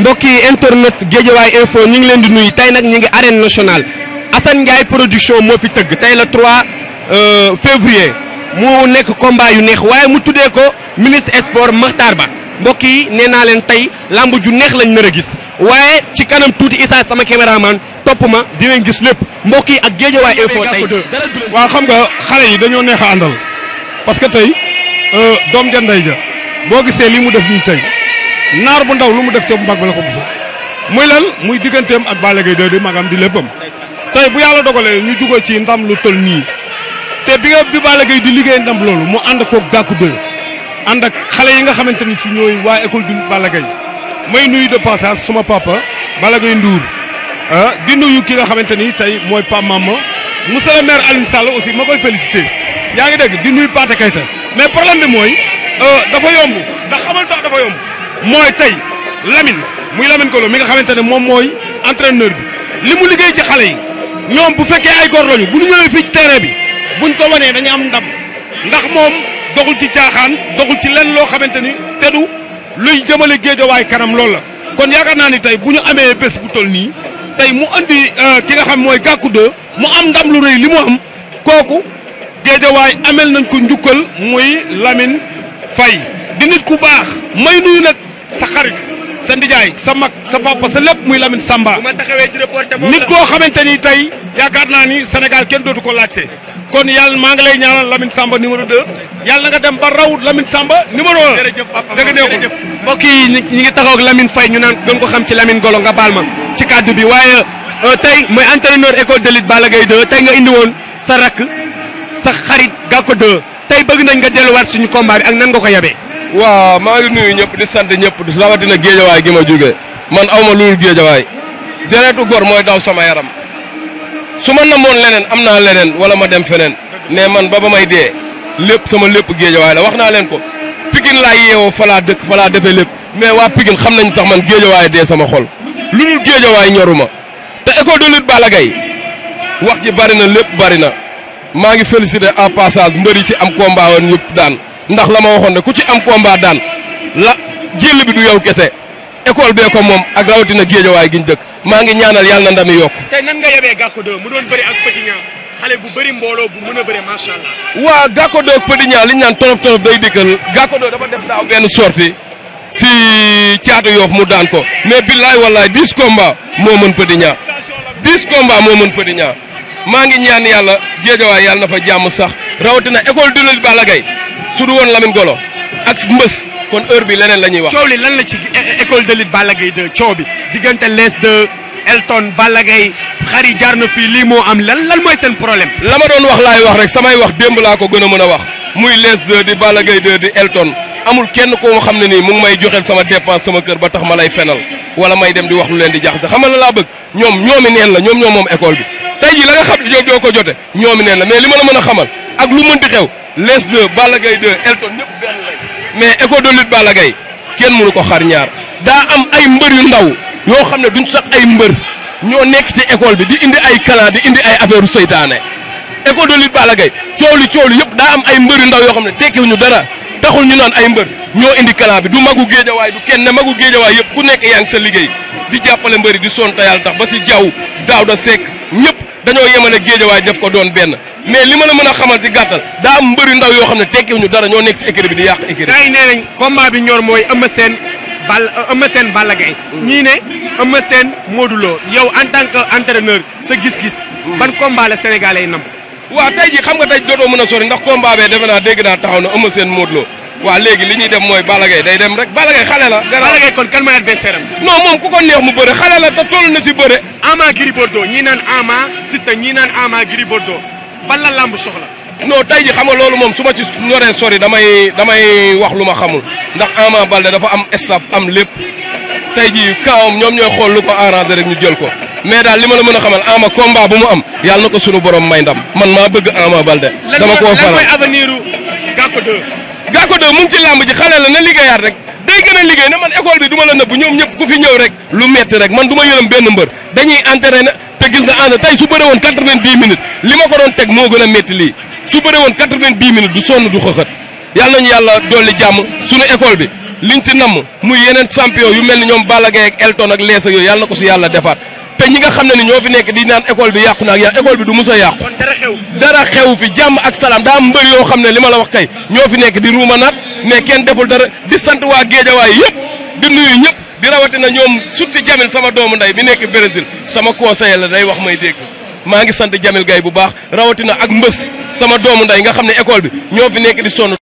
mbokk yi internet Géejawaay info ñu ngi leen di nuy tey nag ñu ngi arène nationale Assane Ndiaye production moo fi tëgg tey la 3 euh, février mu nekk combat yu neex waaye mu tuddee ko ministre sport Makhtar Ba mbokk yi nee naa leen tey lamb ju neex lañ nar a gis waaye ci kanam tuuti Issa sama caméraman topp ma di dinañ gis lépp mbokk yi ak Géejawaay info tey waa xam nga xale yi dañoo neex a àndal parce que tey euh, doom ja ndey ja boo gisee li mu def nii tey. naar bu ndaw lu mu def te bu mag ba la ko bu muy lan muy digganteem ak Balla Gaye 2 di magam di léppam tey bu yàlla dogalee ñu jugoo ci ndam lu toll nii te bi nga bi Balla Gaye di liggéey ndam loolu mu ànd koog gàkku deux ànd ak xale yi nga xamante ni si ñooy waa école du Balla Gaye may nuyu de suma papa Balla Gaye Ndour ah di nuyu ki nga xamante ni tey mooy pa mama monsieur le maire Alioune aussi ma koy félicité yaa ngi dégg di nuyu Pathé Keita mais problème bi mooy euh, dafa yomb ndax xamal tax dafa mooy tey Lamine muy Lamine kolo mi nga xamante ne moom mooy entraîneur bi li mu liggéey ci xale yi ñoom bu fekkee ay góor lañu bu ñu ñëwee fii ci terrain bi buñ ko wanee dañu am ndam ndax moom doxul ci caaxaan doxul ci lenn loo xamante ni te du luy jëmale géejawaay kanam lool la. kon yaakaar naa ni tey bu ñu amee bés bu toll nii tey mu andi euh, ki nga xam mooy gàkku de mu am ndam lu rëy li mu am kooku géejawaay ameel nañ ko njukkal muy Lamine fay di nit baax may nuyu nag. sa xarit sa ndijay sa mak sa papa sa lepp muy Lamine Samba nit ko xamanteni tay tey na ni senegal ken dootu ko laccé kon yalla ma nga lay ñaanal Lamine Samba numéro 2 yalla nga dem ba raw Lamine Samba numéro 1 dëgg neexul mbokk yi ñi ngi taxaw ak Lamine fay ñu naan gën ko xam ci Lamine Golo nga balma ci cadre bi waaye euh, tay moy entraîneur école de lutte Balla 2 tay nga indi won sa rak sa xarit gako 2 tay bëgg nañ nga delu wat suñu combat bi ak nan nga ko yabé waaw maa ngi nuyu ñëpp di sant ñëpp di rawatina géejawaay gi ma jóge man aw ma luul géejawaay deretu góor mooy daw sama yaram su ma namoon leneen am naa leneen wala ma dem feneen mais man ba ba may dee lépp sama lépp géejawaay la wax naa leen ko Pikine laa yeewoo falaa laa dëkk fa laa defee lépp mais waa Pikine xam nañ sax man géejawaay dee sama xol lu dul géejawaay ñoruma te école de lutte Balla wax ji bari na lépp bari na maa ngi félicité en passage mbër yi ci am combat woon yëpp daan. ndax la ma waxoon ne ku ci am combat daan la jël bi du yow kese école bee ko moom ak rawatina géejawaay gi ñu dëkk maa ngi ñaanal yàlla na ndami yokk tey nan nga yebee Gackou 2 mu doon bëri ak Petit Niang xale bu bëri mbooloo bu mën a bëri macha allah. waa Gackou 2 ak Petit Niang li ñu naan tolof tolof day dikkal Gackou 2 dafa def daaw benn sortie si caatu yoof mu daan ko mais billaay wallaay 10 combats moo mën Petit Niang 10 combats moo mën Petit Niang maa ngi ñaan yàlla géejawaay yàlla na jàmm sax rawatina école du Balla Gaye su du woon Lamine Golo ak mbës kon heure bi leneen la ñuy wax. coow li lan la ci école de lutte Balla Gaye 2 coow bi diggante les de Elton Balla Gaye yi jaar na fii lii moo am lan lan mooy seen problème. la ma doon wax laay wax rek samay wax démb laa ko gën a mën a wax muy les de di Balla Gaye di Elton amul kenn koo xam ne nii mu ngi may joxeel sama dépense sama kër ba tax ma lay fenal wala may dem di wax lu leen di jaxase xam nga la laa bëgg ñoom ñoomi neen la ñoom ñoom école bi tey jii la nga xam ko jote ñoomi neen la mais li ma la mën a xamal ak lu mënti xew les 2 Balla Gaye 2 Elton ñëpp benn mais école de lutte kenn mënu ko xar ñaar daa am ay mbër yu ndaw yoo xam ne duñ sax ay mbër ñoo nekk ci école bi di indi ay kalan di indi ay affaire u seytaane école de lutte Balla Gaye coow li coow li yëpp daa am ay mbër yu ndaw yoo xam ne tekkiwuñu dara taxul ñu naan ay mbër ñoo indi kalan bi du magu géejawaay du kenn ne magu géejawaay yëpp ku nekk yaa ngi sa liggéey di jàppale mbëri di sonta yàlla tax ba ci jaww daaw da sekk ñëpp dañoo yemale géejawaay def ko doon benn mais li ma la mën a xamal ci gàttal daa am mbëri ndaw yoo xam ne tekkiwuñu dara ñoo nekk si écurie bi di yàq écurie. gars yi nee nañ bi ñor mooy Eumeu Sène Balla Eumeu Sène Balla Gaye. Mm. ñii ne Eumeu Sène Modou Lo yow en tant que sa gis-gis. Mm. ban combat la Sénégalais yi nam waaw tey jii xam nga tey dootoo mën a sori ndax combat bee defe naa dégg naa taxaw na Eumeu Sène Modou Lo waaw léegi li ñu def mooy Balla day dem rek Balla Gaye xale la. Balla Gaye kon kan mooy adversaire la te toll na si bëre. Ama Gris Bordeaux ñii naan Ama Siteu ñii naan Ama Gris Bordeaux ban la làmb soxla. noo tey ji xam nga loolu moom su ma ci ñoree sori damay damay wax lu ma xamul ndax Ama Baldé dafa am staff am lépp tey ji kaawam ñoom ñooy xool lu ko arrangé rek ñu jël ko mais daal li ma la mën a xamal Ama combat bu mu am yàlla na ko sunu borom may ndam man maa bëgg Ama Baldé. dama koo faral lan mooy avenir Gackou 2. Gackou 2 mu ngi ci la na liggéeyaat rek may liggéey ne man école bi du ma la nëbb ñoom ñëpp ku fi ñëw rek lu metti rek man du ma benn mbër dañuy entraîné te gis nga ànd tey su bëre woon quatre-vingt-dix li ma ko doon teg moo gën a metti lii su bëre woon quatre-vingt-dix du sonn du xëxët yàlla nañu yàlla dolli jàmm suñu école bi liñ si namm muy yeneen champion yu mel ni ñoom Balla Gaye ak Elton ak Lees ak yooyu yàlla na ko si yàlla defaat te ñi nga xam ne ni ñoo fi nekk di naan école na ak yàqu école bi du mus a yàqu dara yoo xam ne li ma la wax kay ñoo fi nekk di mais kenn deful dara di sant waa Géejawaay yépp di nuyu ñëpp di rawatina ñoom surtout Jamil sama doomu ndey bi nekk Brésil sama conseiller la day wax may dégg maa ngi sant Jamil Gaye bu baax rawatina ak mbës sama doomu ndey nga xam ne école bi ñoo fi nekk di sonn.